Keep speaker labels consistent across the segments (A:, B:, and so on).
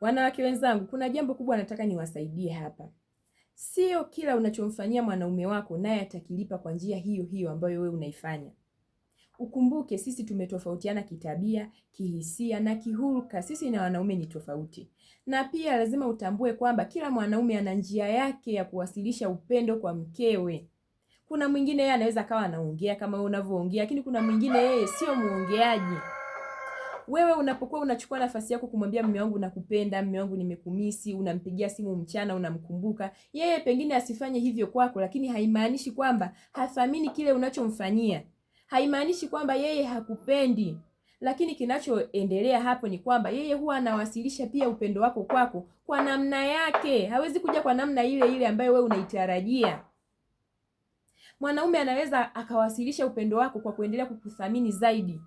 A: Wanawake wenzangu, kuna jambo kubwa nataka niwasaidie hapa. Sio kila unachomfanyia mwanaume wako naye atakilipa kwa njia hiyo hiyo ambayo wewe unaifanya. Ukumbuke sisi tumetofautiana kitabia, kihisia na kihulka. Sisi na wanaume ni tofauti, na pia lazima utambue kwamba kila mwanaume ana njia yake ya kuwasilisha upendo kwa mkewe. Kuna mwingine yeye anaweza akawa anaongea kama wewe unavyoongea, lakini kuna mwingine yeye sio mwongeaji wewe unapokuwa unachukua nafasi yako kumwambia mume wangu nakupenda, mume wangu nimekumisi, unampigia simu mchana, unamkumbuka yeye, pengine asifanye hivyo kwako, lakini haimaanishi kwamba hathamini kile unachomfanyia, haimaanishi kwamba yeye hakupendi. Lakini kinachoendelea hapo ni kwamba yeye huwa anawasilisha pia upendo wako kwako kwa namna yake, hawezi kuja kwa namna ile ile ambayo wewe unaitarajia. Mwanaume anaweza akawasilisha upendo wako kwa kuendelea kukuthamini zaidi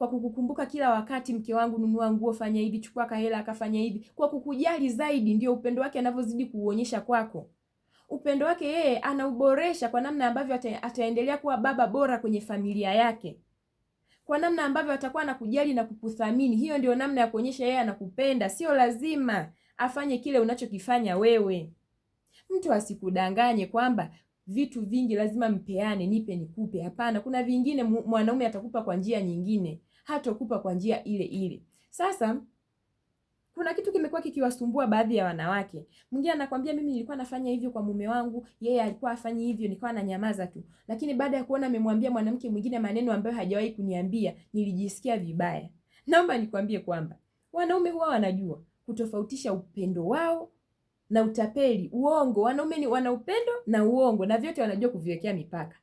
A: kwa kukukumbuka kila wakati, mke wangu, nunua nguo, fanya hivi, chukua kahela, akafanya hivi, kwa kukujali zaidi. Ndio upendo wake anavyozidi kuuonyesha kwako. Upendo wake yeye anauboresha kwa namna ambavyo ata, ataendelea kuwa baba bora kwenye familia yake, kwa namna ambavyo atakuwa anakujali na kukuthamini. Hiyo ndio namna ya kuonyesha yeye anakupenda. Sio lazima afanye kile unachokifanya wewe. Mtu asikudanganye kwamba vitu vingi lazima mpeane, nipe nikupe. Hapana, kuna vingine mwanaume atakupa kwa njia nyingine hatokupa kwa njia ile ile. Sasa kuna kitu kimekuwa kikiwasumbua baadhi ya wanawake. Mwingine anakwambia mimi nilikuwa nafanya hivyo kwa mume wangu, yeye alikuwa afanyi hivyo, nikawa nanyamaza tu, lakini baada ya kuona amemwambia mwanamke mwingine maneno ambayo hajawahi kuniambia, nilijisikia vibaya. Naomba nikwambie kwamba wanaume huwa wanajua kutofautisha upendo wao na utapeli, uongo. Wanaume ni wana upendo na uongo, na vyote wanajua kuviwekea mipaka.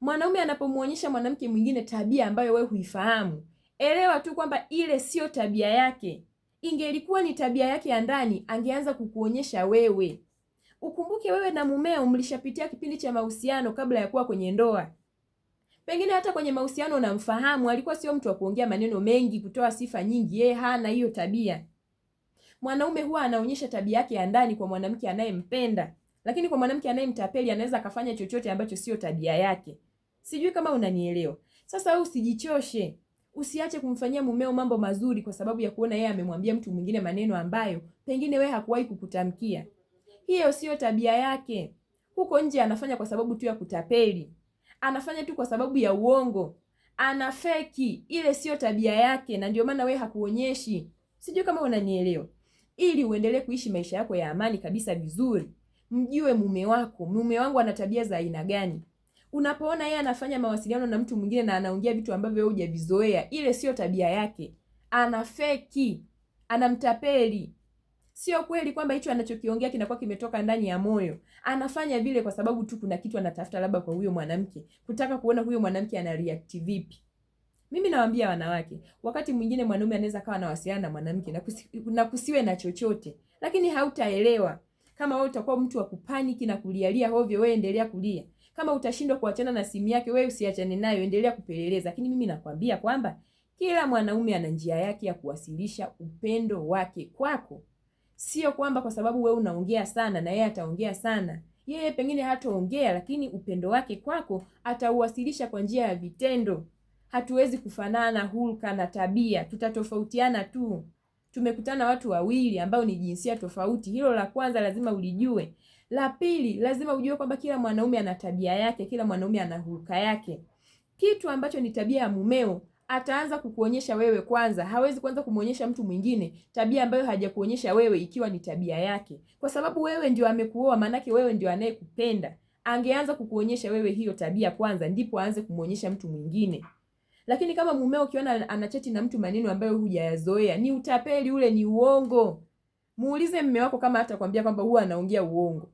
A: Mwanaume anapomwonyesha mwanamke mwingine tabia ambayo wewe huifahamu Elewa tu kwamba ile sio tabia yake. Ingelikuwa ni tabia yake ya ndani, angeanza kukuonyesha wewe. Ukumbuke wewe na mumeo mlishapitia kipindi cha mahusiano kabla ya kuwa kwenye ndoa. Pengine hata kwenye mahusiano unamfahamu, alikuwa sio mtu wa kuongea maneno mengi, kutoa sifa nyingi, yeye hana hiyo tabia. Mwanaume huwa anaonyesha tabia yake ya ndani kwa mwanamke anayempenda, lakini kwa mwanamke anayemtapeli anaweza akafanya chochote ambacho sio tabia yake. Sijui kama unanielewa. Sasa wewe usijichoshe. Usiache kumfanyia mumeo mambo mazuri kwa sababu ya kuona yeye amemwambia mtu mwingine maneno ambayo pengine wewe hakuwahi kukutamkia. Hiyo siyo tabia yake. Huko nje anafanya kwa sababu tu ya kutapeli, anafanya tu kwa sababu ya uongo, anafeki. Ile siyo tabia yake, na ndio maana wewe hakuonyeshi. Sijui kama unanielewa. Ili uendelee kuishi maisha yako ya amani kabisa vizuri, mjue mume wako, mume wangu ana tabia za aina gani unapoona yeye anafanya mawasiliano na mtu mwingine na anaongea vitu ambavyo wewe hujavizoea, ile sio tabia yake, ana anafeki, anamtapeli. Sio kweli kwamba hicho anachokiongea kinakuwa kimetoka ndani ya moyo. Anafanya vile kwa sababu tu kuna kitu anatafuta, labda kwa huyo mwanamke, kutaka kuona huyo mwanamke ana react vipi. Mimi nawaambia wanawake, wakati mwingine mwanaume anaweza kawa anawasiliana na mwanamke na, kusi, na kusiwe na chochote, lakini hautaelewa kama wewe utakuwa mtu wa kupaniki na kulialia hovyo, wewe endelea kulia kama utashindwa kuachana na simu yake, wewe usiachane nayo, endelea kupeleleza. Lakini mimi nakwambia kwamba kila mwanaume ana njia yake ya kuwasilisha upendo wake kwako. Sio kwamba kwa sababu wewe unaongea sana na yeye ataongea sana. Yeye pengine hataongea, lakini upendo wake kwako atauwasilisha kwa njia ya vitendo. Hatuwezi kufanana hulka na tabia, tutatofautiana tu tumekutana watu wawili ambao ni jinsia tofauti. Hilo la kwanza lazima ulijue. La pili lazima ujue kwamba kila mwanaume ana tabia yake, kila mwanaume ana hulka yake. Kitu ambacho ni tabia ya mumeo ataanza kukuonyesha wewe kwanza. Hawezi kwanza kumwonyesha mtu mwingine tabia ambayo hajakuonyesha wewe, ikiwa ni tabia yake, kwa sababu wewe ndio amekuoa, maanake wewe ndio anayekupenda. Angeanza kukuonyesha wewe hiyo tabia kwanza, ndipo aanze kumwonyesha mtu mwingine. Lakini kama mumeo ukiona anacheti na mtu maneno ambayo hujayazoea, ni utapeli ule, ni uongo. Muulize mme wako kama atakwambia kwamba huwa anaongea uongo.